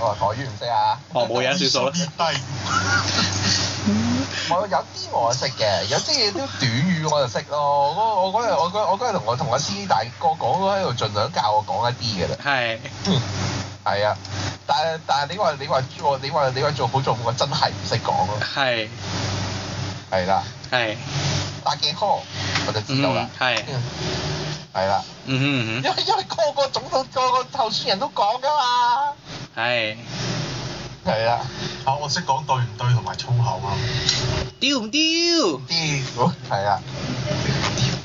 我話台語唔識啊！我冇人算數咯。唔係，有啲我識嘅，有啲嘢都短語我就識咯。我嗰日我我日同我同阿司機大哥講，喺度盡量教我講一啲嘅啦。係、oh, exactly hey. 係啊，但係但係你話你話你話你話做好做我真係唔識講咯。係。係啦。係。打幾呵？我就知道啦。係。係啦。因為因為個個總統個個投選人都講㗎嘛。係，係是啊，嚇我識講對唔對同埋粗口啊！丟唔丟？丟，好係啊！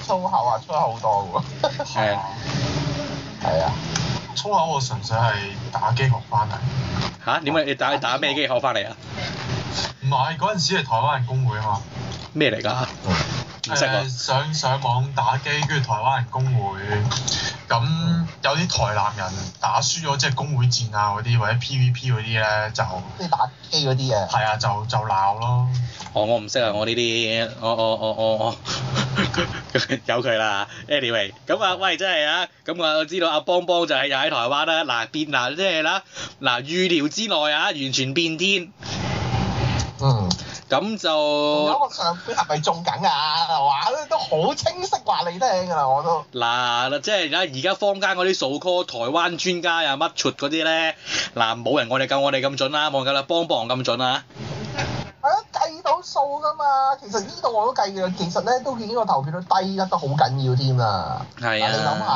粗口啊，粗口好多嘅喎。係啊，係啊！粗口我純粹係打機學翻嚟。嚇、啊？點解你打打咩機學翻嚟啊？唔係嗰陣時係台灣人工會啊嘛。咩嚟㗎？嗯。誒上上網打機，跟住台灣人公會，咁有啲台南人打輸咗，即係公會戰啊嗰啲，或者 PVP 嗰啲咧就即係打機嗰啲啊，係啊，就就鬧咯。我我唔識啊，我呢啲我我我我我 有佢啦，Anyway，咁啊喂，真係啊，咁我我知道阿邦邦就係又喺台灣啦，嗱變嗱即係啦，嗱預料之內啊，完全變天。嗯。咁就，我上邊係咪中緊啊？係嘛，都好清晰話你聽㗎啦，我都。嗱，即係而家坊間嗰啲數 call，台灣專家啊、乜出嗰啲咧，嗱冇人我哋夠我哋咁準啦、啊，冇人夠啦，幫幫咁準啦、啊。係咯，計、啊、到數噶嘛，其實呢度我都計嘅，其實咧都見呢個投票率低得都好緊要添是啊！係啊，你諗下，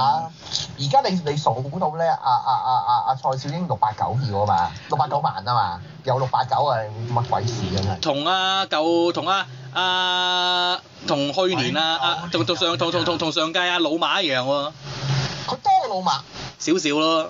而家你你數到咧、啊，阿阿阿阿阿蔡小英六八九票啊嘛，六八九萬啊嘛，有六八九係乜鬼事啊？同啊，舊同啊，阿、啊、同去年啊，阿同同上同同同同上屆阿老馬一樣喎、啊，佢多過老馬少少咯。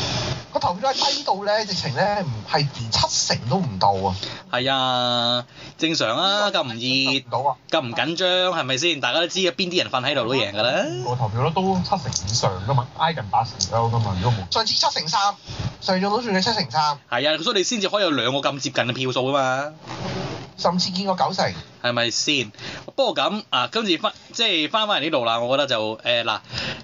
個投票都係低到咧，直情咧唔係連七成都唔到啊！係啊，正常啊，咁唔熱，咁唔緊張，係咪先？大家都知啊，邊啲人瞓喺度都贏㗎啦。我投票率都七成以上㗎嘛，挨近八成都有㗎嘛，如果冇。上次七成三，上咗都算係七成三。係啊，所以你先至可以有兩個咁接近嘅票數啊嘛。甚至見過九成，係咪先？不過咁啊，今次翻即係翻返嚟呢度啦。我覺得就誒嗱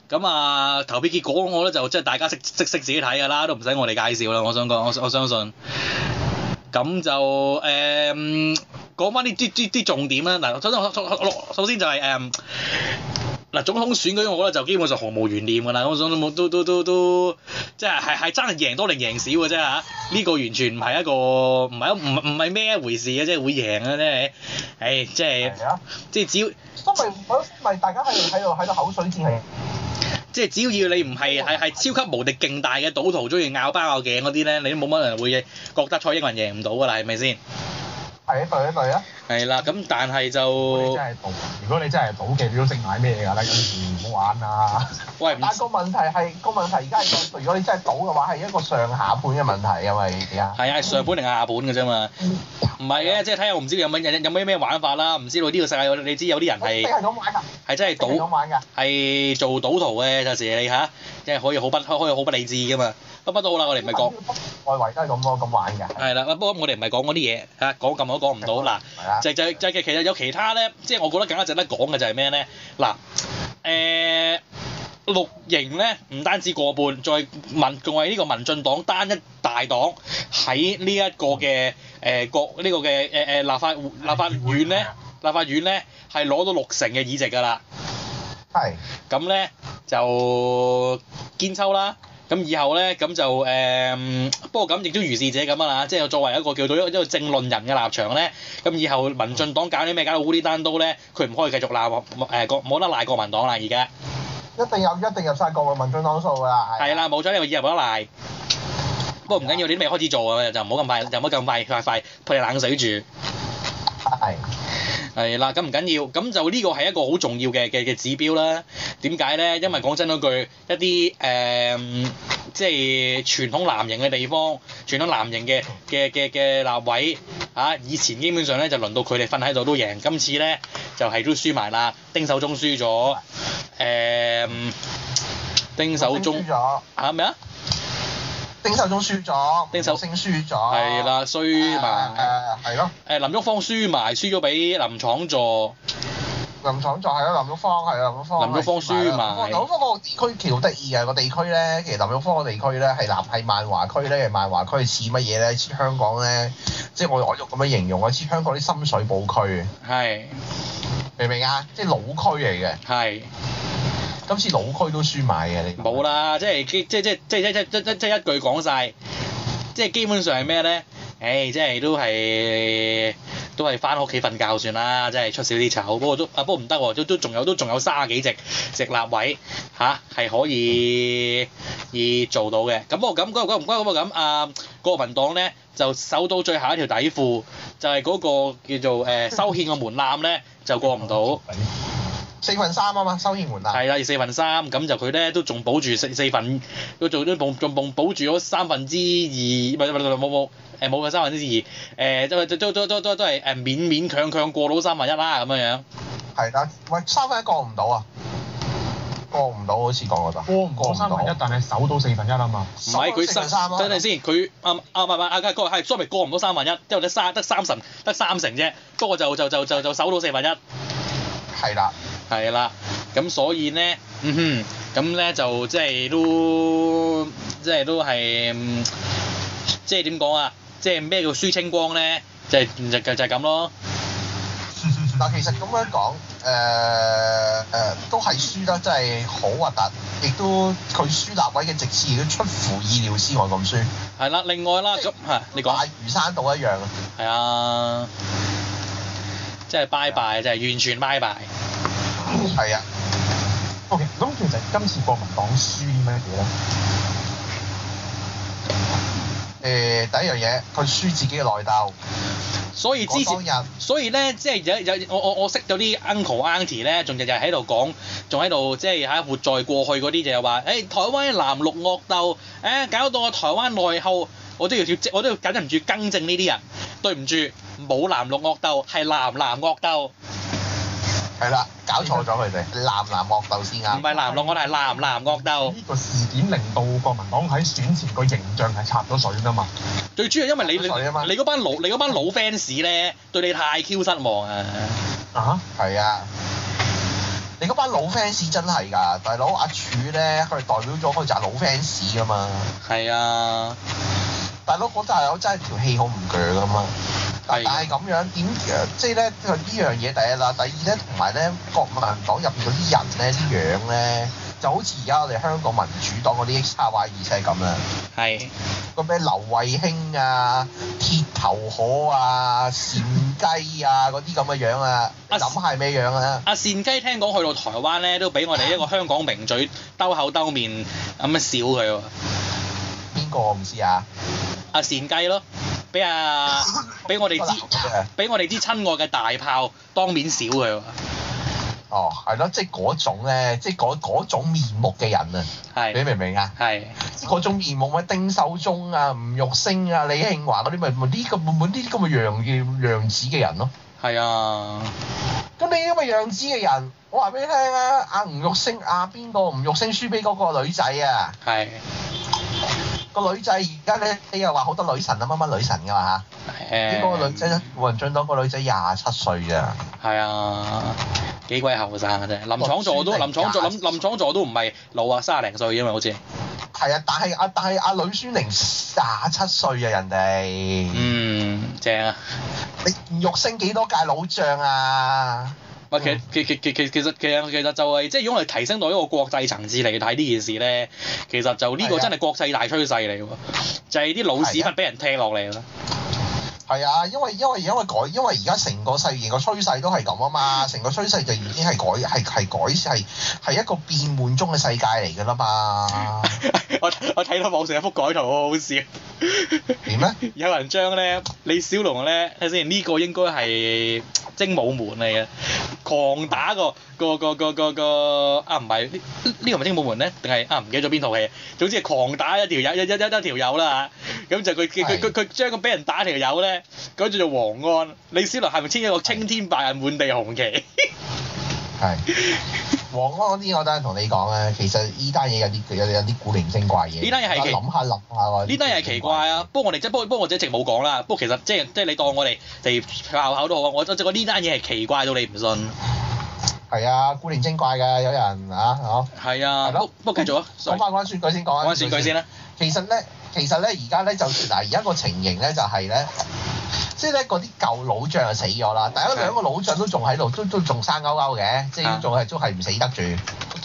咁啊，投票結果我覺得就即係大家識識識自己睇㗎啦，都唔使我哋介紹啦。我想講，我我相信。咁就誒講翻啲啲啲重點啦。嗱，首先首先就係、是、誒。嗯嗱，總統選舉我覺得就基本上毫無懸念㗎啦，我想都冇都都都都，即係係係真係贏多定贏少嘅啫嚇，呢、這個完全唔係一個唔係唔唔係咩一回事嘅啫，即會贏嘅啫係，即係的即係只要，都咪大家喺度喺度喺度口水戰，即係只要你唔係係係超級無敵勁大嘅賭徒，中意咬包咬頸嗰啲咧，你都冇乜人會覺得蔡英文贏唔到㗎啦，係咪先？係啊，對一對啊！係啦，咁但係就如果你真係賭，如果你真係賭嘅，你都識買咩㗎啦？有時唔好玩啊！喂，但個問題係個問題，而家如果如果你真係賭嘅話，係一個上下盤嘅問題，因為點啊？係啊，上盤定下盤㗎啫嘛，唔係嘅，即係睇下我唔知有冇有有有咩咩玩法啦，唔知道呢個世界你知有啲人係，係真係賭，係做賭徒嘅，有時你嚇即係可以好不可以好不理智㗎嘛。不不到啦，我哋唔咪講外圍都係咁咯，咁玩嘅。係啦的，的不過我哋唔係講嗰啲嘢嚇，講、啊、咁都講唔到嗱。係啊。就就就其其實有其他咧，即、就、係、是、我覺得更加值得講嘅就係咩咧？嗱、啊，誒綠營咧，唔單止過半，再民仲係呢個民進黨單一大黨喺呢一個嘅誒國呢個嘅誒誒立法立法院咧，立法院咧係攞到六成嘅議席㗎啦。係的。咁咧就堅揪啦。咁以後咧，咁就誒，不過咁亦都如是者咁啊啦，即係作為一個叫做一個政論人嘅立場咧，咁以後民進黨搞啲咩搞到啲單刀咧，佢唔可以繼續賴誒國，冇得賴國民黨啦，而家。一定有一定入晒國民進黨數㗎啦。係啦，冇錯，因為以後冇得賴。不過唔緊要，你未開始做啊，就唔好咁快，就唔好咁快快快潑冷水住。係。係啦，咁唔緊要，咁就呢個係一個好重要嘅嘅嘅指標啦。點解咧？因為講真嗰句，一啲誒，即係傳統藍營嘅地方，傳統藍營嘅嘅嘅嘅立委，嚇以前基本上咧就輪到佢哋瞓喺度都贏，今次咧就係都輸埋啦。丁守中輸咗，誒，丁守中嚇咩啊？丁守中輸咗，丁秀勝輸咗，係啦，衰埋，係咯、呃，誒、呃、林郁方輸埋，輸咗俾林昶佐。林昶佐係啊，林郁方係啊，林郁方輸啊嘛，林郁方個地區其實好得意嘅，個地區咧，其實林郁方個地區咧係南係萬華區咧，係萬華區似乜嘢咧？似香港咧，即係我我用咁樣形容啊，似香港啲深水埗區，係的明唔明啊？即係老區嚟嘅，係。今次老區都輸埋嘅你？冇啦，即係基，即係即係即係一即即即即一句講晒，即係基本上係咩咧？誒，即係都係都係返屋企瞓覺算啦，即係出少啲醜。不過都啊，不過唔得喎，都都仲有都仲有三十幾席直立位吓係可以以做到嘅。咁我咁嗰個嗰唔該咁我咁啊，國民黨咧就守到最後一條底褲，就係嗰個叫做誒修憲嘅門檻咧就過唔到。分 den, joy，四分三啊嘛，收閤門啦。係 no，啦，要四分三咁就佢咧都仲保住四四份，佢做咗磅做磅保住咗三分之二，唔係唔係唔冇冇誒冇嘅三分之二誒，都都都都都都係誒勉勉強強過到三分一啦咁樣樣。係，但係喂，三分一過唔到啊？À, gram, say，過唔到好似講嗰度。過唔過到三分一，但係守到四分一啊嘛。唔係佢四分三咯。等等先，佢啱啱唔係唔係，係 sorry 過唔到三分一，因為你三得三成，得三成啫，不過就就就就就守到四分一。係啦。係啦，咁所以咧，咁、嗯、咧就即係都即係都係即係點講啊？即係咩叫輸清光咧？就是、就是、就就係咁咯。但其實咁樣講，誒、呃、誒、呃、都係輸得真係好核突，亦都佢輸立委嘅直亦都出乎意料之外咁輸。係啦，另外啦，咁是啊，大魚山道一樣啊。係啊，即、就、係、是、拜拜，b 即係完全拜拜。係啊，OK、嗯。咁其實今次國民黨輸咩嘢咧？誒、呃，第一樣嘢佢輸自己嘅內鬥。所以之前，所以咧，即係有有我我我識到啲 uncle auntie 咧，仲日日喺度講，仲喺度即係喺活在過去嗰啲就話，誒、欸、台灣藍綠惡鬥，誒、啊、搞到我台灣內耗，我都要要我都要緊唔住更正呢啲人。對唔住，冇藍綠惡鬥，係藍藍惡鬥。係啦，搞錯咗佢哋。藍藍惡鬥先啱。唔係藍綠，我係藍藍惡鬥。呢個事件令到國民黨喺選前個形象係插咗水㗎嘛。最主要因為你嘛你你嗰班老你嗰班老 fans 咧對你太 Q 失望啊。啊，係啊。你嗰班老 fans 真係㗎，大佬阿柱咧佢哋代表咗我哋扎老 fans 㗎嘛。係啊，大佬我真係我真係條氣好唔鋸㗎嘛。但係咁樣點？即係咧呢樣嘢第一啦，第二咧同埋咧國民黨入邊嗰啲人咧啲樣咧，就好似而家我哋香港民主黨嗰啲沙畫議員咁啦。係個咩？劉慧卿啊，鐵頭河啊，善雞啊，嗰啲咁嘅樣，樣啊。阿諗係咩樣啊？阿善雞聽講去到台灣咧，都俾我哋一個香港名嘴兜口兜面咁樣笑佢喎。邊個我唔知啊？阿、啊、善雞咯。俾阿俾我哋知，俾我哋知親愛嘅大炮當面笑佢。哦，係咯，即係嗰種咧，即係嗰種面目嘅人啊！係是，你明唔明啊？係嗰是種面目咩？丁守中啊、吳育昇啊、李慶華嗰啲咪咪呢個滿滿呢啲咁嘅樣樣子嘅人咯。係啊。咁、啊、你咁嘅樣子嘅人，我話俾你聽啊！阿吳育昇啊，邊個？吳育昇輸俾嗰個女仔啊。係。個女仔而家咧，你又話好多女神啊，乜乜女神噶嘛嚇？誒，呢個女仔民進黨個女仔廿七歲嘅。係啊，幾鬼後生嘅啫。林昶佐都孫林昶佐林昶林昶佐都唔係老啊，卅零歲因嘛，好似。係啊，但係阿、啊、但係阿呂孫綾廿七歲啊，人哋。嗯，正啊！吳育昇幾多屆老將啊？唔係，其其其其其其實其實就係、是，即係如果係提升到一個國際層次嚟睇呢件事咧，其實就呢個真係國際大趨勢嚟喎，就係、是、啲老屎忽俾人踢落嚟啦。係啊，因為因為因為改因為而家成個世間個趨勢都係咁啊嘛，成個趨勢就已經係改係係改係係一個變換中嘅世界嚟㗎啦嘛。我我睇到網上一幅改圖，好好笑。點咧？有人將咧李小龍咧，睇先呢個應該係精武門嚟嘅，狂打個個個個個個啊，唔係呢個唔係精武門咧，定係啊唔記得咗邊套戲？總之係狂打一條友一一一條友啦嚇，咁就佢佢佢佢將佢俾人打條友咧。嗰叫做黃安，李思林係咪簽一個青天白日滿地紅旗？係。黃安嗰啲我等陣同你講啊。其實呢單嘢有啲有有啲古靈精怪嘢。呢單嘢係。諗下諗下。呢單嘢係奇怪啊！不過我哋即不過不過我哋一直冇講啦。不過其實即係即係你當我哋地校口都好啊。我我即呢單嘢係奇怪到你唔信。係啊，古靈精怪㗎，有人啊？嚇。係啊的的。不不繼續啊！講翻嗰啲選舉先講。講翻選舉先啦。說其實咧，其實咧，而家咧，就嗱，而家個情形咧就係、是、咧，即係咧，嗰啲舊老將就死咗啦，但係嗰兩個老將都仲喺度，都都仲生勾勾嘅，即係仲係都係唔死得住，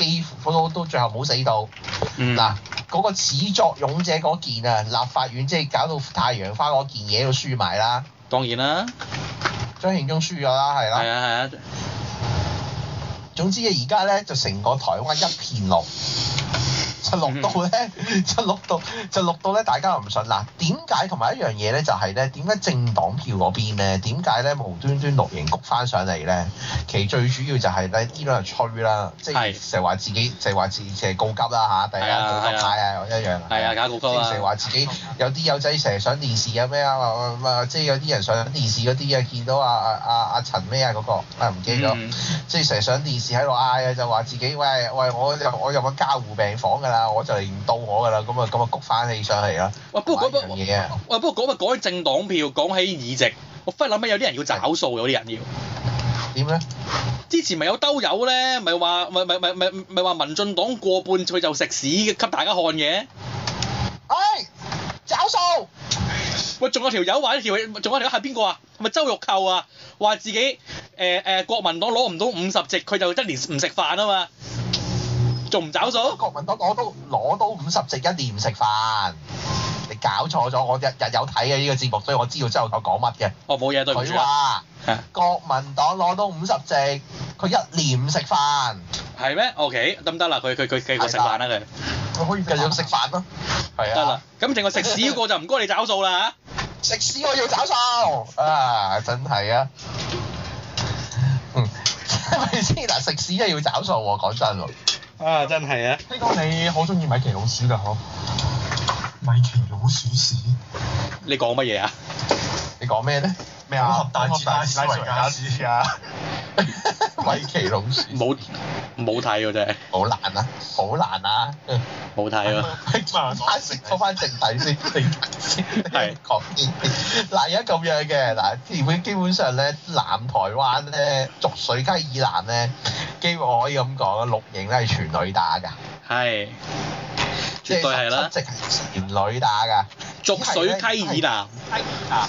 幾乎都都最後冇死到。嗱、嗯，嗰、那個始作俑者嗰件啊，立法院即係搞到太陽花嗰件嘢都輸埋啦。當然啦，張慶忠輸咗啦，係啦。係啊係啊。啊總之，而家咧就成個台灣一片綠。就錄到咧，就錄到就錄到咧，大家又唔信啦。點解同埋一樣嘢咧？就係咧，點解政黨票嗰邊咧？點解咧無端端綠營谷翻上嚟咧？其實最主要就係咧，依兩日吹啦，即係成日話自己，成日話自成日告急啦嚇，大家告急派啊，一樣啦，係啊，梗係告急啦。成日話自己有啲友仔成日上電視啊咩啊，即係有啲人上電視嗰啲啊，見到阿阿阿阿陳咩啊嗰個啊唔記得咗，即係成日上電視喺度嗌啊，就話自己喂喂，我又我又揾加護病房㗎。啊！我就嚟到我㗎啦，咁啊咁啊，焗翻起上嚟啦。喂過，不過講乜？喂，不過講乜？講起政黨票，講起議席，我忽然諗起有啲人要找數，的有啲人要點咧？呢之前咪有兜友咧，咪話咪咪咪咪咪話民進黨過半佢就食屎，給大家看嘅。哎，找數！喂，仲有一條友話條，仲有條係邊個啊？咪周玉蔻啊？話自己誒誒、呃呃呃、國民黨攞唔到五十席，佢就一年唔食飯啊嘛。仲唔找數？國民黨攞都攞到五十席，一年唔食飯。你搞錯咗，我日日有睇嘅呢個節目，所以我知道之後佢講乜嘅。我冇嘢對唔住啦。說啊、國民黨攞到五十席，佢一年唔食飯。係咩？OK，得唔得啦？佢佢佢繼續食飯啦，佢的。可以繼續食飯咯。係啊。得啦，咁淨係食屎個就唔該你找數啦嚇。食屎我要找數。啊，真係啊。嗯，係咪先嗱？食屎都要找數喎，講真。啊，真係啊！聽講，你好鍾意米奇老鼠噶嗬？米奇老鼠屎？你講乜嘢啊？你講咩咧？咩啊？大帶師啊！黑帶師啊！米奇老鼠，冇冇睇㗎啫！好真是 難啊！好難啊！冇睇咯。拎翻食，拖翻正題先，正題先確認嗱，而家咁樣嘅嗱，基本基本上咧，南台灣咧，濁水溪以南咧，基本可以咁講，綠營咧係全女打㗎。係。絕對係啦。直係全女打㗎。濁水溪以南。啊。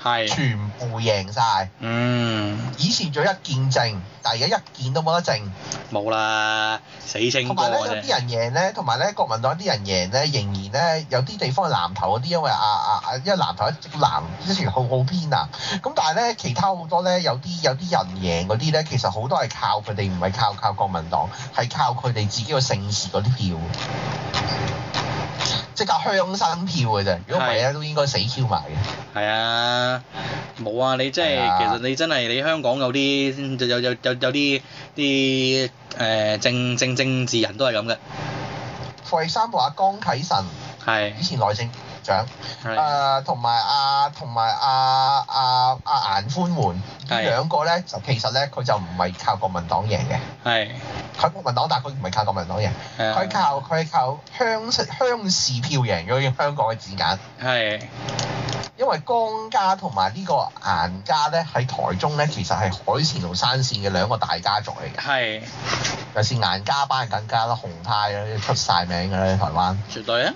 是全部贏晒，嗯。以前仲有一件剩，但係而家一件都冇得剩。冇啦，死清光啦。同埋咧，有啲人贏咧，同埋咧，國民黨啲人贏咧，仍然咧，有啲地方係南投嗰啲，因為啊啊啊，因為南投一藍之前好好偏南，咁但係咧，其他好多咧，有啲有啲人贏嗰啲咧，其實好多係靠佢哋，唔係靠靠國民黨，係靠佢哋自己個姓氏嗰啲票。即係香山票嘅啫，如果唔係咧都應該死票埋嘅。係啊，冇啊，你即係、啊、其實你真係你香港有啲有有有有啲啲誒政政政治人都係咁嘅。傅毅三同阿江啟臣係是以前內政長，誒同埋阿同埋啊啊啊顏寬恆是呢兩個咧就其實咧佢就唔係靠國民黨贏嘅，係佢國民黨，但係佢唔係靠國民黨贏，佢靠佢靠鄉鄉士票贏嘅香港嘅字眼，係是因為江家同埋呢個顏家咧喺台中咧其實係海線同山線嘅兩個大家族嚟嘅，係是尤其是顏家班更加得紅派嘅，出晒名㗎啦，台灣絕對啊！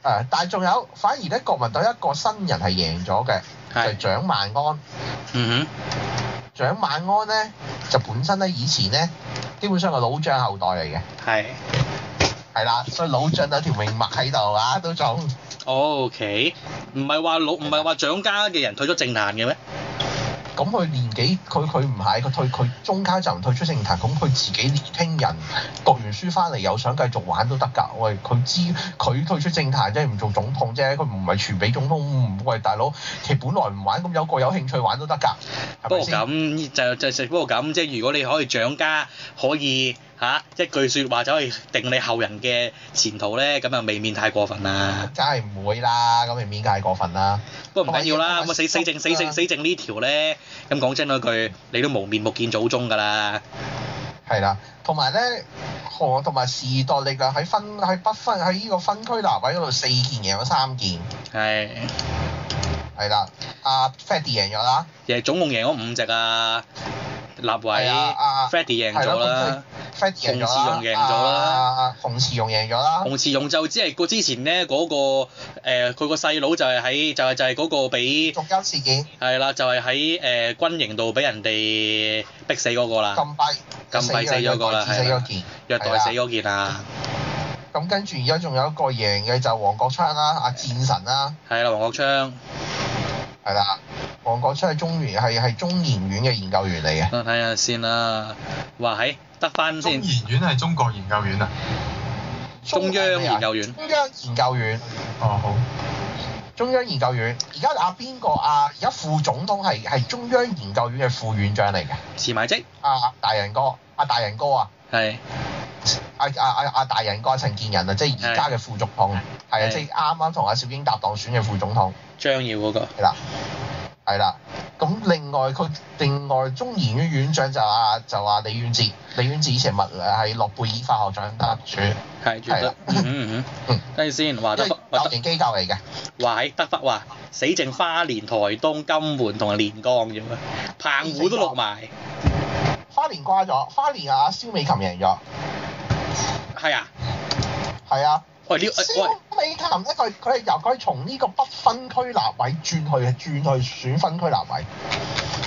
誒、呃，但係仲有，反而咧國民黨一個新人係贏咗嘅，係就蔣萬安。嗯哼，蔣萬安咧就本身咧以前咧，基本上係老將後代嚟嘅。係是。係啦，所以老將有條命脈喺度啊，都仲。哦，OK。唔係話老，唔係話蔣家嘅人退咗政壇嘅咩？咁佢年紀，佢佢唔係，佢退佢中間就唔退出政壇，咁佢自己年輕人讀完書翻嚟又想繼續玩都得㗎。喂，佢知佢退出政壇，即係，唔做總統啫，佢唔係傳俾總統。喂，大佬，其實本來唔玩，咁有個有興趣玩都得㗎，係咪先？不過咁就就食，不過咁即係如果你可以蔣家可以。吓、啊！一句説話就可以定你後人嘅前途咧，咁又未免太過分啦！梗係唔會啦，咁未免太過分不過不啦。不過唔緊要啦，咁啊死死證死證死證呢條咧，咁講真句，你都無面目見祖宗㗎啦。係啦，同埋咧，河同埋時代力量喺分喺不分喺呢個分區立委嗰度四件贏咗三件。係的。係、啊、啦，阿 Freddy 贏咗啦。誒，總共贏咗五隻啊！立委啊 Freddy 贏咗啦，洪慈庸贏咗啦，洪慈庸贏咗啦，洪慈庸就只係個之前咧嗰個，佢個細佬就係喺就係就係嗰個俾，仲丘事件，係啦就係喺誒軍營度俾人哋逼死嗰個啦，禁閉，禁閉死咗個啦，係啊，虐待死咗件啊，咁跟住而家仲有一個贏嘅就黃國昌啦，阿戰神啦，係啦，黃國昌，係啦。王國昌係中研係係中研院嘅研究員嚟嘅。睇、啊哎、下先啦，話喺得翻中研院係中國研究院啊？中央研究院。中央研究院。哦好。中央研究院，而家阿邊個啊？而家副總統係係中央研究院嘅、啊啊、副，副院長嚟嘅。辭埋職啊，啊！大仁哥，阿、啊、大仁哥啊。係是。阿阿阿阿大仁哥陳建仁啊，即係而家嘅副總統。係啊的，即係啱啱同阿小英搭檔選嘅副總統。的張耀嗰、那個。嗱。係啦，咁另外佢另外中研院院長就阿就話李遠哲，李遠哲以前物係諾貝爾化學獎得主，係，係啦，嗯嗯，跟住先話德法，話德年機構嚟嘅，話喺德法話死剩花蓮、台東、金門同埋連江咁樣，澎湖都落埋，花蓮掛咗，花蓮啊，蕭美琴贏咗，係啊，係啊。喂，燒美你一句，佢係由佢係從呢個不分區立位轉去轉去選分區立位。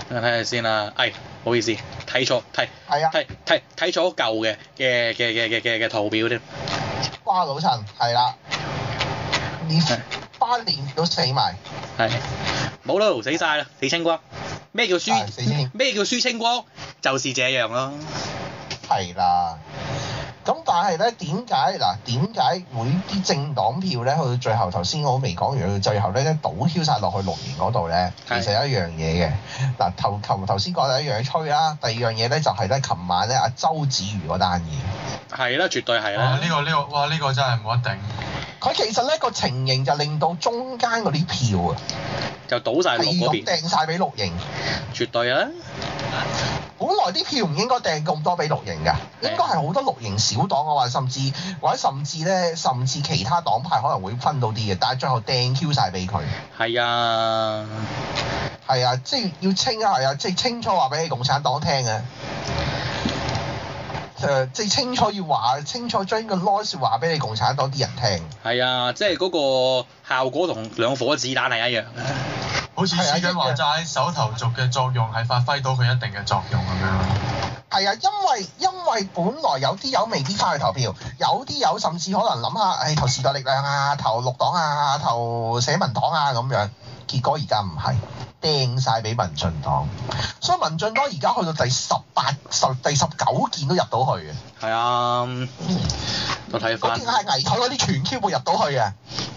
睇下先啦、啊，係、哎，唔好意思，睇錯睇，係啊，睇睇睇錯咗舊嘅嘅嘅嘅嘅嘅嘅圖表添。哇，老陳，係啦、啊，呢班花蓮都死埋，係、啊，冇咯，死晒啦，死清光。咩叫輸咩、啊嗯、叫輸清光？就是這樣咯、啊。係啦、啊。咁但係咧，點解嗱？點解會啲政黨票咧去到最後？頭先我未講完，去到最後咧，咧倒竄晒落去綠營嗰度咧，是其實有一樣嘢嘅。嗱、啊，頭頭頭先講第一樣嘢吹啦，第二樣嘢咧就係咧，琴晚咧阿周子瑜嗰單嘢。係啦，絕對係啦。呢、這個呢、呢個，哇！呢、呢個真係冇得頂。佢其實咧個情形就令到中間嗰啲票啊，就倒晒落嗰邊，第二掟曬俾綠營。絕對啊！本來啲票唔應該掟咁多俾綠營㗎，應該係好多綠營小黨我話，甚至或者甚至咧，甚至其他黨派可能會分到啲嘢，但係最後掟 Q 晒俾佢。係啊，係啊，即係要清啊，係啊，即係清楚話俾你共產黨聽啊，誒，即係清楚要話，清楚將個 noise 話俾你共產黨啲人聽。係啊，即係嗰個效果同兩顆子彈係一樣 好似市井話齋，手頭族嘅作用係發揮到佢一定嘅作用咁樣。係啊，因為因為本來有啲有未必返去投票，有啲有甚至可能諗下，唉、哎，投時代力量啊，投綠黨啊，投社民黨啊咁樣，結果而家唔係，掟晒俾民進黨。所以民進黨而家去到第 18, 十八十第十九件都入到去嘅。係啊，我睇翻。嗰啲係危殆嗰啲全 Q 會入到去嘅，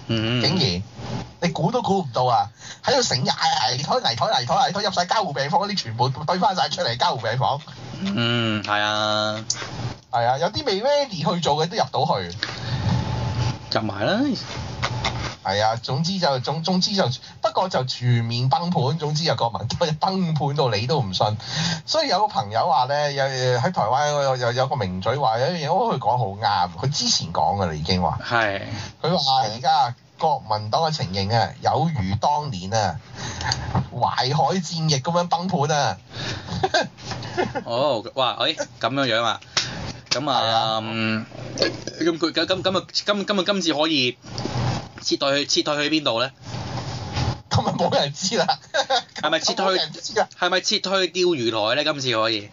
嗯、竟然。你估都估唔到啊！喺度成日危殆危殆危殆危殆入晒交護病房嗰啲，全部對翻晒出嚟交護病房。嗯，係啊。係啊，有啲未 ready 去做嘅都入到去。入埋啦。係啊，總之就總總之就不過就全面崩盤，總之啊國民都崩盤到你都唔信。所以有個朋友話咧，有喺台灣有有個名嘴話有樣嘢，我覺得佢講好啱。佢之前講㗎喇已經話。係。佢話而家。國民黨嘅情形啊，有如當年啊淮海戰役咁樣崩盤啊！哦、oh,，哇，哎、嗯，咁樣樣啊，咁啊，咁佢咁咁啊，今今日今，今次可以撤退去撤退去邊度咧？咁咪冇人知啦！係咪撤退？係咪撤退去釣魚台咧？今次可以？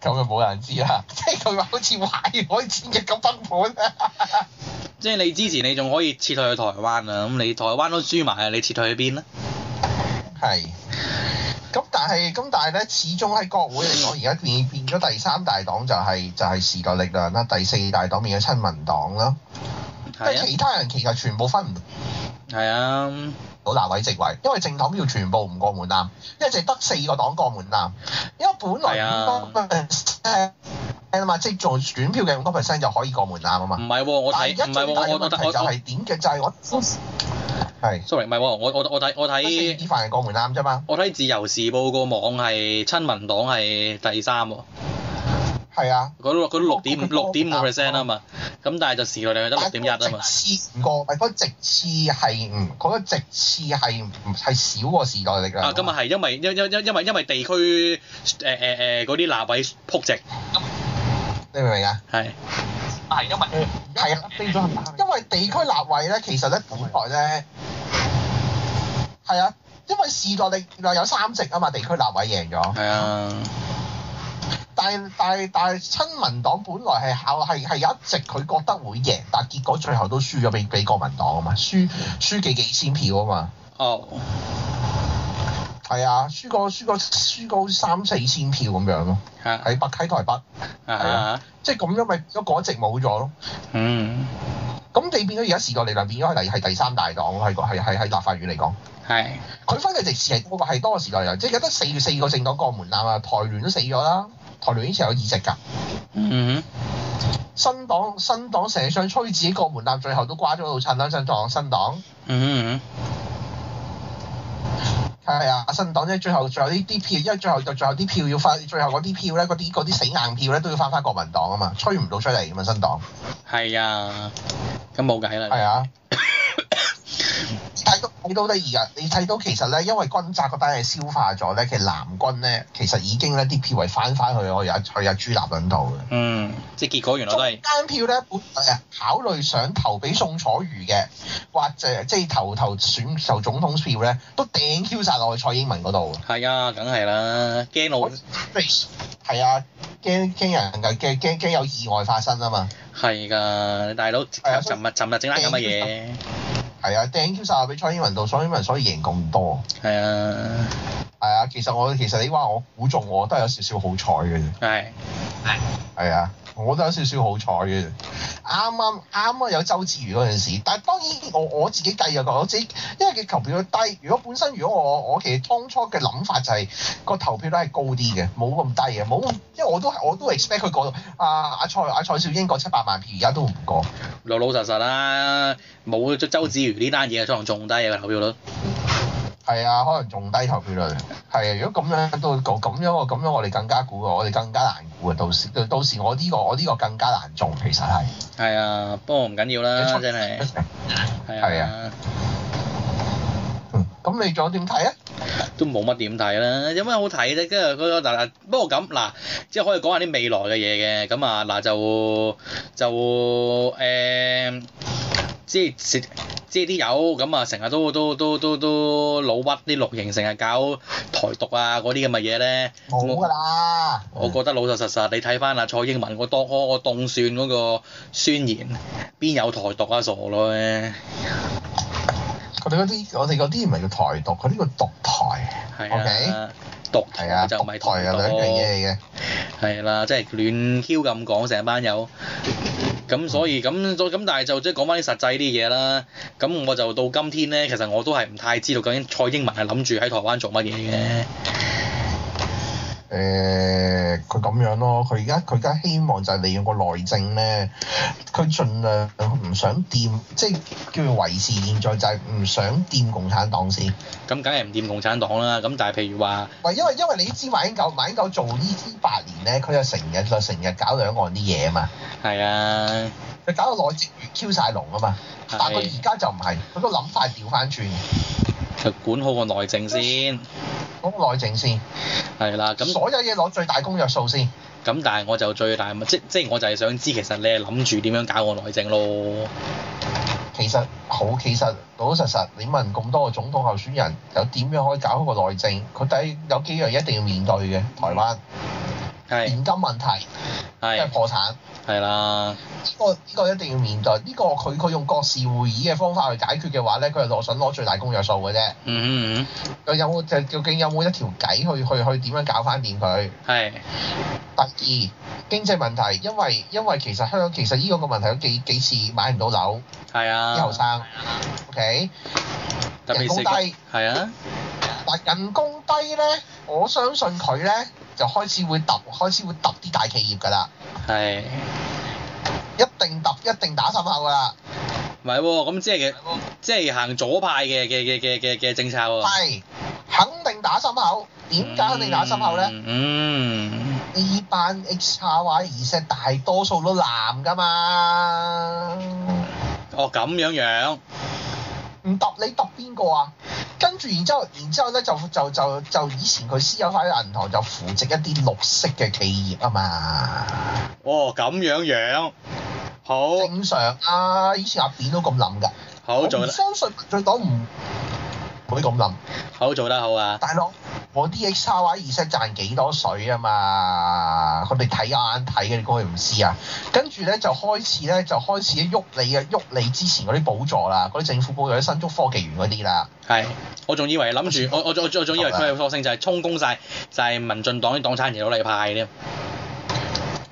咁就冇人知啦！即係佢話好似淮海戰役咁崩盤啊！即係你之前你仲可以撤退去台灣啊，咁你台灣都輸埋，啊，你撤退去邊呢？係。咁但係，咁但係咧，始終喺國會嚟講，而家變變咗第三大黨就係、是、就係、是、時代力量啦，第四大黨變咗親民黨啦。係即係其他人其實全部分唔。係啊。好難位席位，因為政黨要全部唔過門檻，淨係得四個黨過門檻，因為本來、啊。係啊嘛，即係做選票嘅咁多 percent 就可以過門檻啊嘛。唔係，我睇唔係，我我我睇就係點嘅就係我係，sorry，唔係，我我我睇我睇，得幾多人過門檻啫嘛？我睇自由時報個網係親民黨係第三喎。係啊。嗰啲嗰啲六點五六點五 percent 啊嘛。咁但係就時代力量得六點一啊嘛。直斥個唔係嗰直斥係唔嗰個直斥係係少過時代力量啊。咁啊係，因為因因因因為因為地區誒誒誒嗰啲立委撲直。你明唔明啊？係。係因為係啦，因為地區立委咧，其實咧本來咧係啊，因為時代力原來有三席啊嘛，地區立委贏咗。係啊。但係但係但係，親民黨本來係考係係有一席，佢覺得會贏，但係結果最後都輸咗俾俾國民黨啊嘛，輸輸幾幾千票啊嘛。哦。Oh. 係啊，輸過輸過輸過三四千票咁樣咯，喺 北溪台北、 啊，即係咁樣咪一個席冇咗咯。嗯，咁 你變咗而家時代力量變咗係係第三大黨喎，係個係立法院嚟講。係，佢 分嘅直時係多，係多個時代力量，即係有得四四個政黨過門檻啊！台聯都死咗啦，台聯以前有二席㗎。嗯 ，新黨新黨成日想吹自己過門檻，最後都瓜咗老襯啦。新黨，新黨。嗯 係啊，新黨即係最後仲有呢啲票，因為最後就最後啲票要發，最後嗰啲票咧，嗰啲啲死硬票咧都要翻翻國民黨啊嘛，吹唔到出嚟咁啊，新黨係啊，咁冇計啦。係啊。你睇到第二日，你睇到其實咧，因為軍宅嗰單嘢消化咗咧，其實藍軍咧其實已經咧啲票位翻返去我入去阿朱立倫度嘅。嗯。即係結果原來都係。中間票咧本係考慮想投俾宋楚瑜嘅，或者即係投投選受總統票咧，都頂 Q 晒落去蔡英文嗰度。係啊，梗係啦，驚我。Face。係啊，驚驚人又驚驚驚有意外發生啊嘛。係㗎，大佬，尋日尋日整啲咁嘅嘢。係啊，掟 Q 晒俾蔡英文到，蔡英文所以贏咁多。係啊。係啊，其實我其實你話我估中我，我都係有少少好彩嘅啫。係係係啊，我都有少少好彩嘅。啱啱啱啱有周子瑜嗰陣時，但係當然我我自己計啊個我自己，因為佢投票率低。如果本身如果我我其實當初嘅諗法就係、係、個投票率係高啲嘅，冇咁低嘅，冇咁因為我都我都 expect 佢過。啊阿蔡阿蔡小英過七百萬票，而家都唔過。老老實實啦，冇咗周子瑜呢單嘢，可能仲低嘅、啊、投票率。係啊，可能仲低頭佢類。係啊，如果咁樣都咁樣，我咁樣咁樣我哋更加估啊，我哋更加難估啊，到時到時我呢個我呢個更加難做，其實係。係啊不要要，不過唔緊要啦，真係。係啊。咁你仲有點睇啊？都冇乜點睇啦，有咩好睇啫？跟住嗰個嗱不過咁嗱，即係可以講下啲未來嘅嘢嘅。咁啊嗱就就誒。欸即係食，即係啲友咁啊，成日都都都都都，都老屈啲綠營，成日搞台獨啊嗰啲咁嘅嘢咧。冇噶啦。了我，我覺得老實實實，嗯、你睇翻啊蔡英文、嗰個，我當我當算嗰個宣言，邊有台獨啊傻咯咩？我哋嗰啲，我哋嗰啲唔係叫台獨，佢呢個獨台。係啊。Okay? 獨台就唔係台兩啊兩樣嘢嘅。係啦，即係亂 Q 咁講，成班友。 咁所以咁咁，嗯、但係就即係講翻啲實際啲嘢啦。咁我就到今天咧，其實我都係唔太知道究竟蔡英文係諗住喺台灣做乜嘢嘅。誒、嗯。佢咁樣咯，佢而家佢而家希望就係利用個內政咧，佢儘量唔想掂，即係叫佢維持現在就係唔想掂共產黨先。咁梗係唔掂共產黨啦，咁但係譬如話，喂，因為因為你知馬英九馬英九做呢啲八年咧，佢就成日就成日搞兩岸啲嘢嘛。係啊，佢搞個內政越 Q 晒龍啊嘛。但係佢而家就唔係，佢個諗法調翻轉，就、啊、管好個內政先。內政先，係啦，咁所有嘢攞最大公約數先。咁但係我就最大，即即我就係想知其實你係諗住點樣搞我內政咯？其實好，其實老老實實，你問咁多個總統候選人有點樣可以搞一個內政？佢第有幾樣一定要面對嘅，台灣係現金問題，係破產。係啦，呢、這個呢、這個一定要面對，呢、這個佢佢用國事會議嘅方法去解決嘅話咧，佢係落想攞最大公約數嘅啫。嗯嗯嗯。又有冇就究竟有冇一條計去去去點樣搞翻掂佢？係是。第二經濟問題，因為因為其實香港其實呢個個問題幾幾次買唔到樓？係啊。啲後生。O、okay? K。人工低。係啊。但人工低咧，我相信佢咧就開始會揼開始會揼啲大企業㗎啦。係，一定揼一定打心口噶啦。唔係喎，咁即係嘅，即係行左派嘅嘅嘅嘅嘅嘅政策喎。係，肯定打心口。點解肯定打心口咧？嗯，呢班 X R、娃而家大多數都男噶嘛。哦，咁樣樣。唔揼你揼邊個啊？跟住然之後，然之後咧，就就就就以前佢私有化嘅銀行就扶植一啲綠色嘅企業啊嘛。哦，咁樣樣，好正常啊！以前阿扁都咁諗㗎。好，再。我相信最短唔。會咁諗？好，做得好啊！大佬，我啲嘢 r 畫而升賺幾多水啊嘛？佢哋睇眼睇嘅，你估佢唔知啊？跟住咧就開始咧就開始喐你嘅喐你之前嗰啲補助啦，嗰啲政府補助喺新竹科技園嗰啲啦。係，我仲以為諗住 我我仲以為佢索性就係充公晒，就係、是、民進黨啲黨產移咗嚟派添。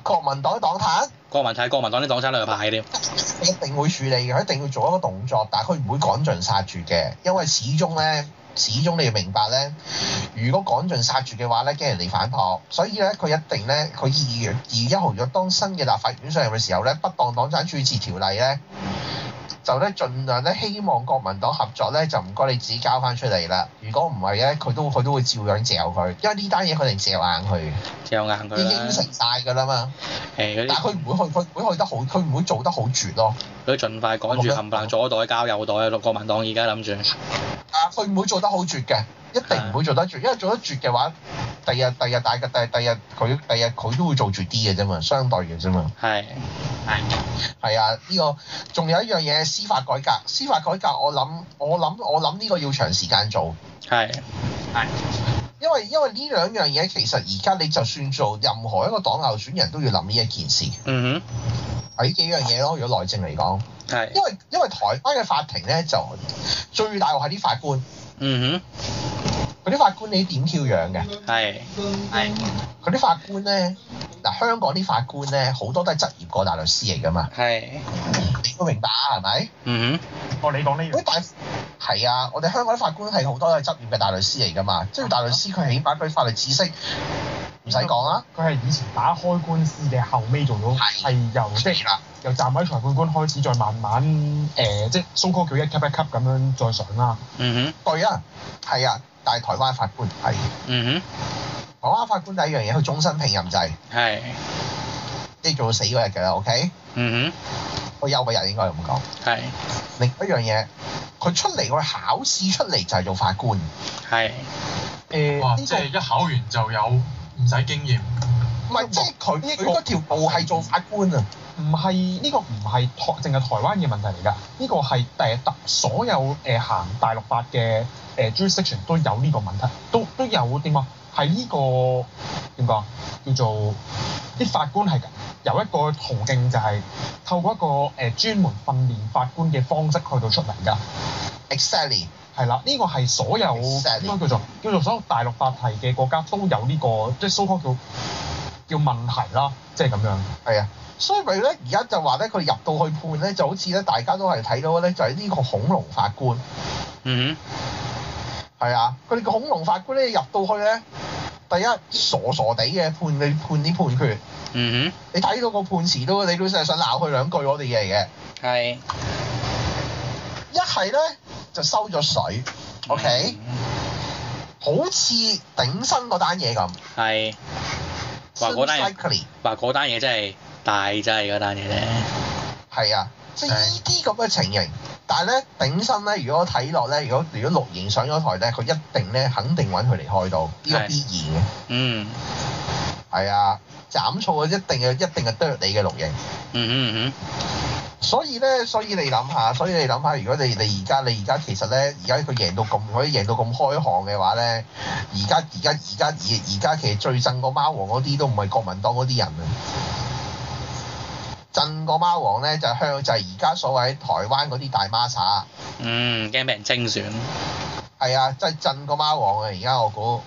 國民黨黨產？國民係國民黨啲黨產嚟拍戲添， 一定會處理嘅，一定會做一個動作，但係佢唔會趕盡殺絕嘅，因為始終呢，始終你要明白呢，如果趕盡殺絕嘅話呢，驚人哋反撲，所以呢，佢一定呢，佢二月二月一號咗當新嘅立法院上任嘅時候呢，不當黨產處置條例呢。就咧，盡量咧，希望國民黨合作咧，就唔該你自己交翻出嚟啦。如果唔係咧，佢都佢都會照樣嚼佢，因為呢單嘢佢哋嚼硬佢，嚼硬佢已經成晒㗎啦嘛。誒，但係佢唔會去，佢唔會去得好，佢唔會做得好絕咯。佢盡快趕住冚唪唥左袋交右袋啊！國民黨而家諗住。啊，佢唔會做得好絕嘅。一定唔會做得絕，因為做得絕嘅話，第日第日大嘅，第第日佢第日佢都會做絕啲嘅啫嘛，相對嘅啫嘛。係係係啊，呢個仲有一樣嘢，司法改革。司法改革我諗我諗我諗呢個要長時間做。係係的。因為因為呢兩樣嘢其實而家你就算做任何一個黨候選人都要諗呢一件事。嗯哼。係呢幾樣嘢咯，如果內政嚟講。係的。因為因為台灣嘅法庭咧就最大係啲法官。嗯哼。嗰啲法官你點挑樣嘅？係係。啲法官咧，嗱香港啲法官咧，好多都係執業過大律師嚟㗎嘛。係。你都明白係咪？嗯哦，你講呢樣。嗰啲大係啊！我哋香港啲法官係好多都係執業嘅大律師嚟㗎嘛。即係大律師，佢起碼佢法律知識唔使講啦。佢係以前打開官司嘅，後尾做到係由即係啦，由站位裁判官開始，再慢慢誒，即係 so call 叫一級一級咁樣再上啦。嗯哼。對啊，係啊。但係台灣法官係，嗯哼，台灣法官第一樣嘢，佢終身聘任制，係，即係做到死嗰日嘅啦，OK？嗯哼，個優異人應該咁講，係。另一樣嘢，佢出嚟佢考試出嚟就係做法官，係。誒，哇！即係一考完就有，唔使經驗。唔係，即係佢呢條路係做法官啊？唔係呢個唔係台，淨係台灣嘅問題嚟㗎。呢個係誒所有誒行大陸法嘅。誒 jurisdiction 都有呢個問題，都都有啲乜？係呢個點講？叫做啲法官係有一個途徑就係透過一個誒專門訓練法官嘅方式去到出嚟㗎。Exactly，係啦，呢個係所有應該叫做叫做所有大陸法系嘅國家都有呢個，即係所謂叫叫問題啦，即係咁樣。係啊，所以佢咧而家就話咧，佢入到去判咧，就好似咧大家都係睇到咧，就係呢個恐龍法官。嗯。係啊，佢哋個恐龍法官咧入到去咧，第一傻傻地嘅判你判啲判，判，判決。嗯哼。你睇到個判詞都，你都成日想鬧佢兩句，我哋嘢嘅。係。一係咧就收咗水，OK，嗯、哼好似頂新嗰單嘢咁。係。 話嗰單嘢。話嗰單嘢真係大劑嗰單嘢咧。係啊，即係依啲咁嘅情形。但係咧，頂新咧，如果睇落咧，如果如果綠營上咗台咧，佢一定咧，肯定揾佢嚟開刀，呢個必然嘅。的嗯，係啊，斬錯一定嘅，一定係剁你嘅綠營。嗯嗯嗯。所以咧，所以你諗下，所以你諗下，如果你你而家你而家其實咧，而家佢贏到咁可以贏到咁開行嘅話咧，而家而家而家而而家其實最憎個貓王嗰啲都唔係國民黨嗰啲人啊。震個貓王咧，就向就係而家所謂喺台灣嗰啲大媽撒，嗯，驚俾人清算咯，係啊，即係震個貓王啊，而家我估，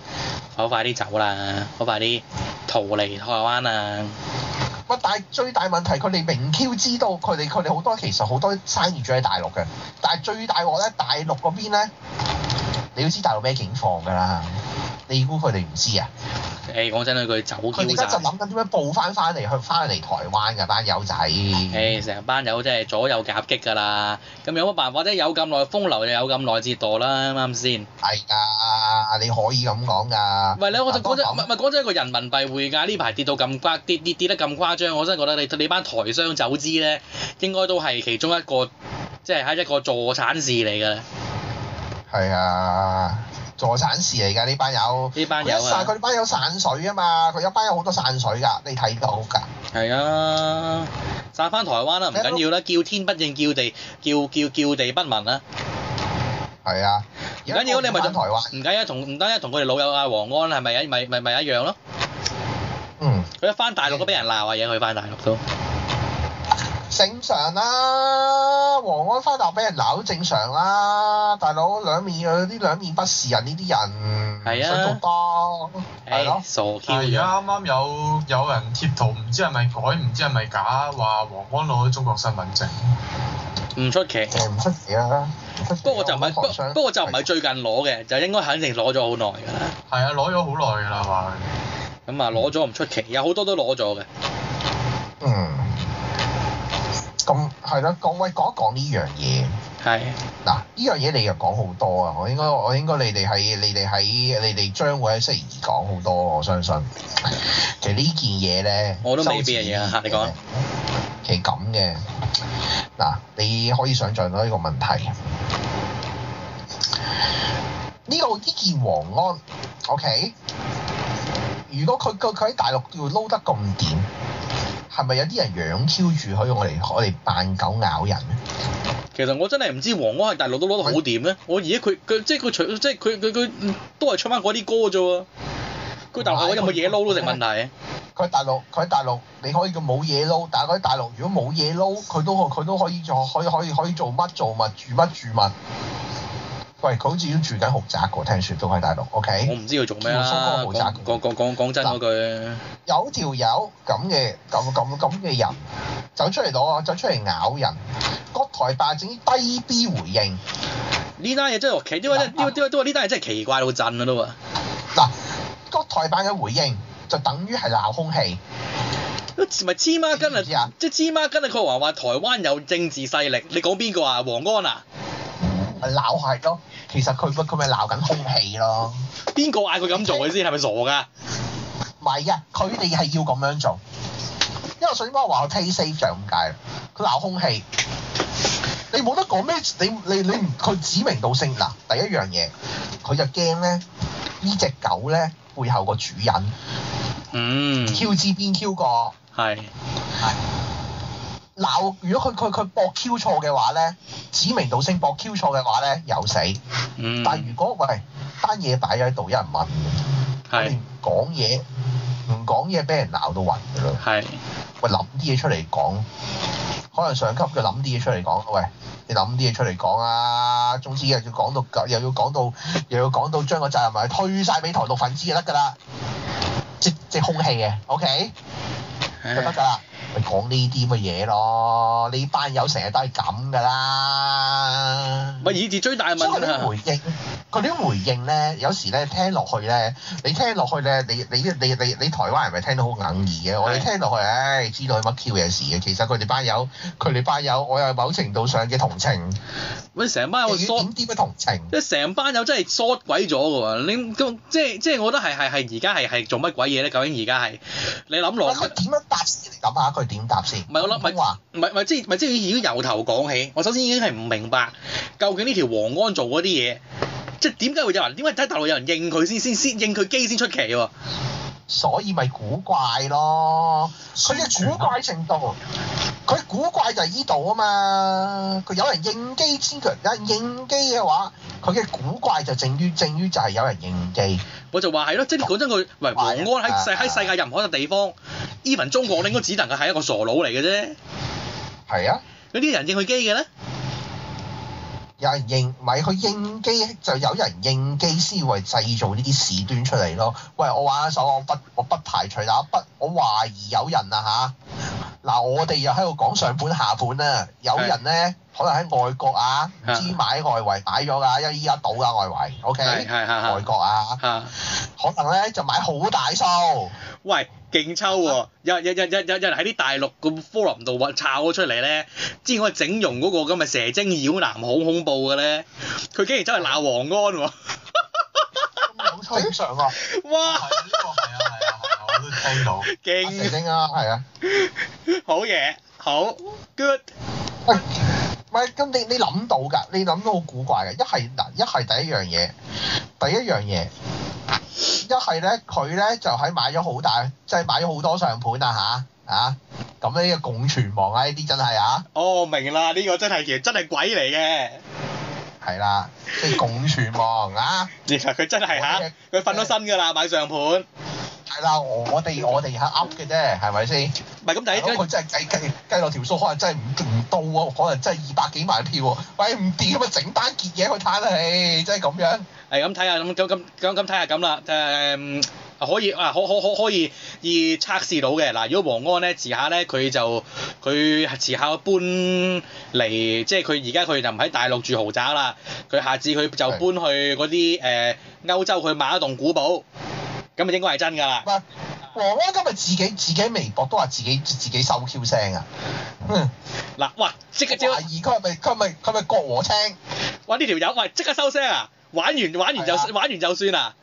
好快啲走啦，好快啲逃離台灣啊！喂，但係最大問題佢哋明 Q 知道，佢哋佢哋好多其實好多生意做喺大陸嘅，但係最大鑊咧大陸嗰邊咧。你要知大陸咩境況㗎啦？你估佢哋唔知啊？誒，講真嗰句，早知就佢就諗緊點樣報翻返嚟，去翻嚟台灣嘅班友仔。誒，成班友真係左右夾擊㗎啦！咁有乜辦法啫？有咁耐風流又有咁耐折墮啦，啱唔啱先？係㗎、哎啊，你可以咁講㗎。唔係咧，我就講真，唔係唔係講真，個人民幣匯價呢排跌到咁誇跌跌跌得咁誇張，我真係覺得你你班台商走資咧，應該都係其中一個，即係喺一個助產士嚟㗎。係啊，助產士嚟㗎呢班友，呢班友啊！佢一,一班有散水啊嘛，佢一班有好多散水㗎，你睇到㗎。係啊，散翻台灣啦，唔緊要啦，叫天不應，叫地叫叫叫地不聞啊。係啊，唔緊要，你咪係台灣，唔緊要，同唔單一同佢哋老友阿黃安係咪一咪咪咪一樣咯？嗯，佢一翻大陸都俾人鬧啊嘢，佢翻大，大，大陸都。正常啦、啊，黃安翻大陸俾人鬧都正常啦、啊，大佬兩面有啲兩面不是人呢啲人想啊，多，係咯傻㗎、啊。而家啱啱有有人貼圖，唔知係咪改，唔知係咪假話黃安攞咗中國身份證，唔出奇，唔出奇啦、啊。唔出奇不過就唔係不過霜不就唔係最近攞嘅，是就應該肯定攞咗好耐㗎啦。係啊，攞咗好耐㗎啦嘛。咁啊，攞咗唔出奇，有好多都攞咗嘅。嗯。 咁係咯，各位講一講呢樣嘢。係的。嗱，呢樣嘢你又講好多啊！我應該我應該你哋喺你哋喺你哋將會喺星期二講好多，我相信。其實件呢件嘢咧，我都未變啊！嚇，你講。其實咁嘅，嗱，你可以想象到呢個問題。呢、呢個呢件黃安，OK？如果佢佢佢喺大陸要撈得咁掂？係咪有啲人養 Q 住可以用，我哋我哋扮狗咬人咧？其實我真係唔知黃安喺大陸都攞到好掂咧。我而家佢佢即係佢除即係佢佢佢都係唱翻嗰啲歌啫喎。佢大陸有冇嘢撈都成問題。佢喺大陸，佢喺大陸，你可以叫冇嘢撈。但係佢喺大陸，如果冇嘢撈，佢都佢都可以做，可以可以可以做乜做物，住乜住物。喂，佢好似都住緊豪宅喎，聽説都喺大陸。OK，我唔知佢做咩啦。講講講講真嗰句，有條友咁嘅咁咁咁嘅人走出嚟攞，走出嚟咬人。國台辦整啲低 B 回應，呢單嘢真係奇。呢個呢個單嘢真係奇怪到震啊都啊！嗱、啊，國 台辦嘅回應就等於係鬧空氣，咪係黐孖筋啊！即係黐孖筋啊！佢話話台灣有政治勢力，你講邊個啊？黃安啊？鬧係咯，其實佢佢咪鬧緊空氣咯。邊個嗌佢咁做嘅先？係咪聽傻噶？唔係啊，佢哋係要咁樣做，因為上邊我話我聽 save 就咁解佢鬧空氣，你冇得講咩？你你你唔佢指名道姓嗱，第一樣嘢佢就驚咧呢隻狗咧背後個主人，嗯，Q 字邊 Q 個係係。是鬧，如果佢佢佢搏 Q 錯嘅話咧，指名道姓搏 Q 錯嘅話咧，又死。嗯，但係如果喂單嘢擺咗喺度，有人問嘅，係講嘢，唔講嘢，俾人鬧到暈㗎啦。係。喂，諗啲嘢出嚟講，可能上級佢諗啲嘢出嚟講，喂，你諗啲嘢出嚟講啊！總之又要講到，又要講到，又要講到，將個責任咪推晒俾台獨分子就得㗎啦，即即空氣嘅，OK，就得㗎啦。講呢啲乜嘢咯？呢班友成日都係咁噶啦。咪以至最大嘅問題回應。佢啲、嗯、回應咧，有時咧聽落去咧，你聽落去咧，你你你你你台灣人咪聽到好硬耳嘅，的我哋聽落去，唉、哎，知道係乜 Q 嘅事嘅。其實佢哋班友，佢哋班友，我又某程度上嘅同情。喂，成班友疏啲咩嘅同情？即係成班友真係疏鬼咗喎！你咁即係即係，我覺得係係係而家係係做乜鬼嘢咧？究竟而家係你諗落？佢點樣答先？你諗下佢點答先？唔係我諗，唔係話，唔係，即係唔係即係要由頭講起。我首先已經係唔明白，究竟呢條黃安做嗰啲嘢。即係點解會有人？點解睇大陸有人應佢先先先應佢機先出奇喎、啊？所以咪古怪咯！佢嘅古怪程度，佢古怪就係依度啊嘛！佢有人應機先，佢應機嘅話，佢嘅古怪就剩於剩於就係有人應機。我就話係咯，即你講真佢，喂，安喺世喺世界任何一個地方，even 中國，我應該只能夠係一個傻佬嚟嘅啫。係啊！嗰啲人應佢機嘅咧？有人應，咪佢應機就有人應機先會製造呢啲事端出嚟咯。喂，我玩一手我不我不排除，但不我懷疑有人啊嚇。嗱、啊，我哋又喺度講上盤下盤啦、啊，有人咧是可能喺外國啊，唔知買外圍買咗㗎，因為依家賭㗎外圍，OK？係係係。外國啊，嚇是，可能咧就買好大數。喂，勁抽喎、啊，有又又又又又喺啲大陸個科林 r u 度炒咗出嚟咧，之前我整容嗰個咁嘅蛇精妖男好恐怖嘅咧？佢竟然真係鬧黃安喎、啊。 樣正常啊！哇！啊都幫到，正啊，係啊，好嘢，好，good。喂，唔係咁你你諗到噶？你諗都好古怪嘅。一係嗱，一係第一樣嘢，第一樣嘢，一係咧，佢咧就喺買咗好大，即係買咗好多上盤啊吓啊！咁呢個拱全王啊，呢啲真係啊。哦，明啦，呢個真係其實真係鬼嚟嘅。係啦，即係拱全王啊！其實佢真係吓，佢瞓咗身噶啦，買上盤。係啦，我哋我哋係啱嘅啫，係咪先？唔係咁第一張，佢真係計計計落條數，可能真係唔勁唔到啊，可能真係二百幾萬票，喂唔掂啊嘛，整單結嘢去嘆啊，誒真係咁樣。係咁睇下咁咁咁咁睇下咁啦，誒可以啊，可可可可以以測試到嘅。嗱、啊，如果黃安咧遲下咧，佢就佢遲下搬嚟，即係佢而家佢就唔喺大陸住豪宅啦，佢下次佢就搬去嗰啲誒歐洲去買一棟古堡。咁咪應該係真㗎啦！哇，黃安今日自己自己微博都話自己自己收 Q 聲啊！嗱，哇，即刻即懷疑咪佢咪佢咪割禾青？哇，呢條友喂即刻收聲啊！玩完玩完就玩完就算啦。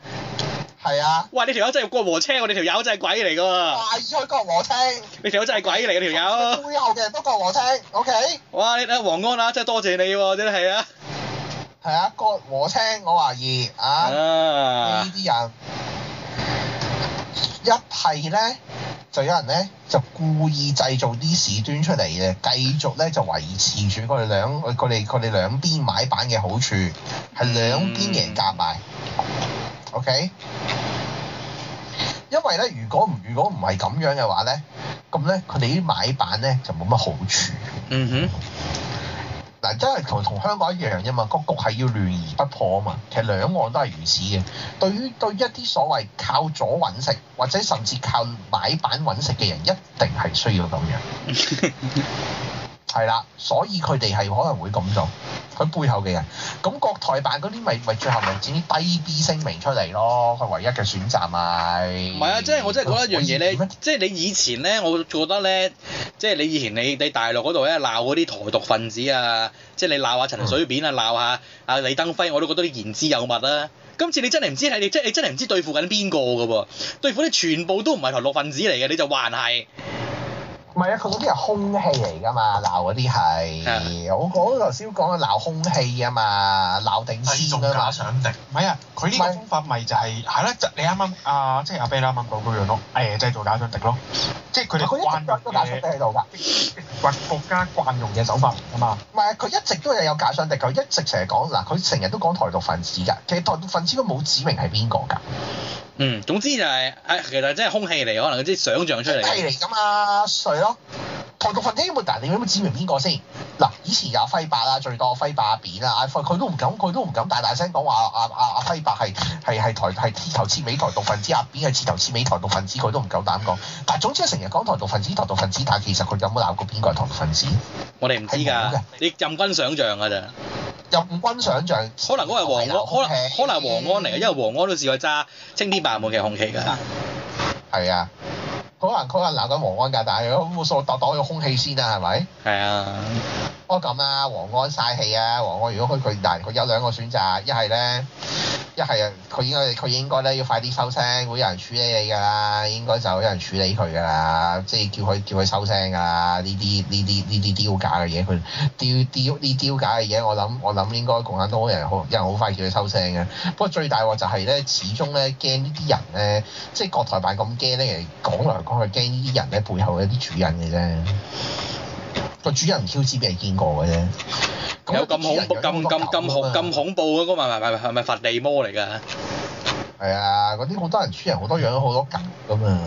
係啊！哇，呢條友真係割禾青，我哋條友真係鬼嚟㗎喎！大二去割禾青。你條友真係鬼嚟㗎，條友。背後嘅都割禾青，OK。哇，你睇黃安啦，真係多謝你喎，真係啊！係啊，割禾青，我懷疑啊，呢啲人。一係咧就有人咧就故意製造啲事端出嚟嘅，繼續咧就維持住佢哋兩佢哋佢哋佢哋兩邊買板嘅好處，係兩邊嘅人夾埋、嗯，OK？因為咧，如果唔如果唔係咁樣嘅話咧，咁咧佢哋啲買板咧就冇乜好處。嗯哼。嗱，真係同同香港一樣啫嘛，個局係要亂而不破啊嘛，其實兩岸都係如此嘅。對於對於一啲所謂靠左揾食，或者甚至靠買板揾食嘅人，一定係需要咁樣。 係啦，所以佢哋係可能會咁做，佢背後嘅人。咁、啊、國台辦嗰啲咪咪最後咪剪啲低 B 聲明出嚟咯，佢唯一嘅選擇咪？唔係 啊，即係我真係覺得一樣嘢咧，即係你以前咧，我覺得咧，即係你以前你你大陸嗰度咧鬧嗰啲台獨分子啊，即係你鬧下陳水扁啊，鬧、嗯、下啊李登輝，我都覺得你言之有物啊。今次你真係唔知係你即係你真係唔知，知對付緊邊個噶喎？對付啲全部都唔係台獨分子嚟嘅，你就還係。唔係啊，佢嗰啲係空氣嚟噶嘛，鬧嗰啲係，Yeah. 我我頭先講嘅鬧空氣啊嘛，鬧定先㗎嘛。係製造假想敵。唔係啊，佢呢個方法咪就係係咯，是啊就是、你啱啱啊即係、就是、阿 Ben 啱啱講嗰樣咯，誒製造假想敵咯，即係佢哋慣嘅。佢一直都都假想敵喺度㗎，國 國家慣用嘅手法係嘛？唔係啊，佢一直都係有假想敵，佢一直成日講嗱，佢成日都講台獨分子㗎，其實台獨分子都冇指明係邊個㗎。嗯，總之就係、是、誒、哎，其實真係空氣嚟，可能佢啲想像出嚟。空氣嚟咁啊，誰咯？台獨分子你有冇指明邊個先？嗱，以前有阿輝伯啦，最多輝伯阿扁啦，阿佢都唔敢，佢都唔敢大大聲講話阿阿阿輝伯係係係台係頭尖美台獨分子，阿扁係頭尖美台獨分子，佢都唔夠膽講。但係總之成日講台獨分子、台獨分子，但係其實佢有冇鬧過邊個台獨分子？我哋唔知㗎，你任君想像啊！咋。入軍想象，可能嗰個係黃安，可能可能係黃安嚟嘅，因為黃安都試過揸青天白日嘅空氣㗎。係啊，可能佢係鬧緊黃安㗎，但係佢好污數躲躲咗空氣先啊，係咪？係啊，哦咁啊，黃安嘥氣啊，黃安如果開佢，但係佢有兩個選擇，一係咧。一係啊，佢應該佢應該咧要快啲收聲，會有人處理你㗎啦，應該就有人處理佢㗎啦，即係叫佢叫佢收聲㗎啦。呢啲呢啲呢啲丟架嘅嘢，佢丟呢丟架嘅嘢，我諗我諗應該共產黨人好有人好快叫佢收聲嘅。不過最大鑊就係咧，始終咧驚呢啲人咧，即係國台辦咁驚咧，其實講來講去驚呢啲人咧背後有啲主人嘅啫。個主人 Q 知俾人見過嘅啫，有咁恐怖咁咁咁恐咁恐怖嘅嗰個咪咪咪係咪佛地魔嚟㗎？係啊，嗰啲好多人村人好多樣好多狗咁啊，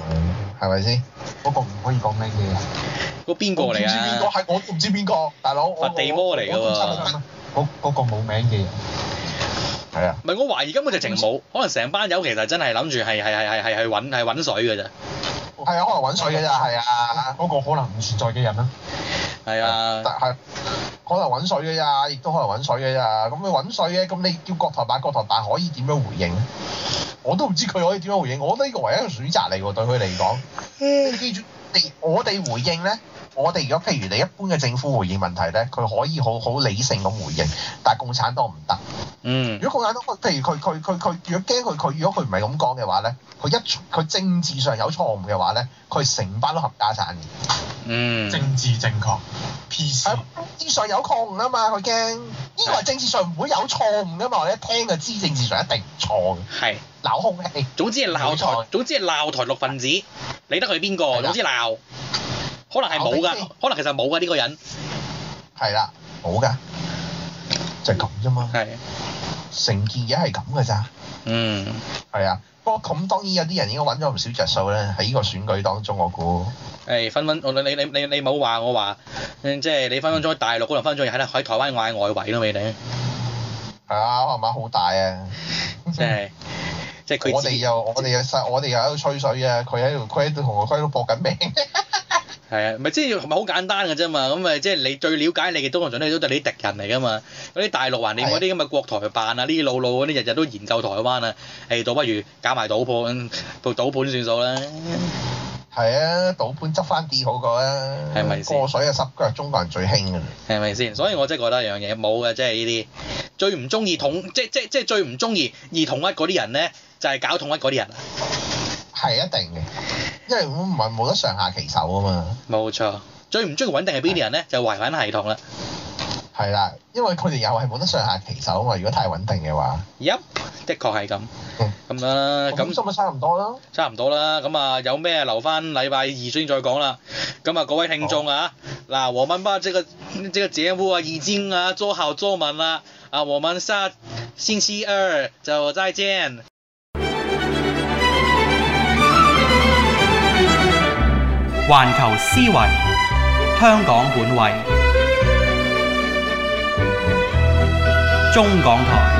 係咪先？嗰個唔可以講名嘅，嗰邊個嚟啊？唔知邊個係我唔知邊個大佬佛地魔嚟㗎喎，嗰嗰個冇名嘅人係啊？唔係我懷疑根本就情冇，可能成班友其實真係諗住係係係係係去揾係揾水㗎咋。係啊，可能揾水㗎咋，係啊，嗰個可能唔存在嘅人啊。係啊， 但係可能揾水嘅咋，亦都可能揾水嘅咋。咁你揾水嘅，咁你叫國台辦國台辦可以點樣回應我都唔知。佢可以點樣回應。我覺得呢個唯一嘅選擇嚟喎，對佢嚟講。你記住，我哋回應呢。我哋如果譬如你一般嘅政府回應問題咧，佢可以好好理性咁回應，但係共產黨唔得。嗯。如果共產黨，譬如佢佢佢佢，如果驚佢佢，如果佢唔係咁講嘅話咧，佢一佢政治上有錯誤嘅話咧，佢成班都合家鏟。嗯。政治正確。P C。政治上有錯誤啊嘛，佢驚。呢個係政治上唔會有錯誤噶嘛，我一聽就知政治上一定錯嘅。係。鬧空氣。總之係鬧台，總之係鬧台獨分子。理得佢邊個？總之鬧。可能係冇㗎，可能其實冇㗎呢個人係啦，冇㗎，就係咁啫嘛。係成件嘢係咁嘅咋。嗯，係啊。不過咁當然有啲人應該揾咗唔少著數咧，喺呢個選舉當中，我估係分分我你你你你冇話我話，即係你分分鐘喺大陸嗰度，分分鐘喺喺台灣外外圍都未你，係啊，唔係好大啊，即係即係佢哋又我哋又我哋又喺度吹水啊，佢喺度喺度同我佢喺度搏緊命。係啊，咪即係咪好簡單嘅啫嘛，咁咪即係你最了解你嘅中共咧，都係啲敵人嚟噶嘛。嗰啲大陸還你嗰啲咁嘅國台辦啊，呢啲老老嗰啲日日都研究台灣啊，誒，倒不如搞埋賭盤，到賭盤算數啦。係啊，賭盤執翻啲好過啦。係咪？過水啊，濕腳，中國人最興嘅。係咪先？所以我真係覺得一樣嘢冇嘅，即係呢啲最唔中意統，即即即最唔中意而統一嗰啲人咧，就係搞統一嗰啲人。係一定嘅。因為佢唔係冇得上下其手啊嘛。冇錯，最唔中意穩定嘅邊啲人咧，的就維穩系統啦。係啦，因為佢哋又係冇得上下其手啊嘛。如果太穩定嘅話，Yep，的確係咁。咁啊，咁咁咪差唔多啦。差唔多啦，咁啊有咩留翻禮拜二先再講啦。咁啊各位聽眾啊，嗱我哋把即係個即係、這個姐夫啊，二尖啊，作校作文啦，啊我哋下星期二，就再見。環球思維，香港本位，中港台。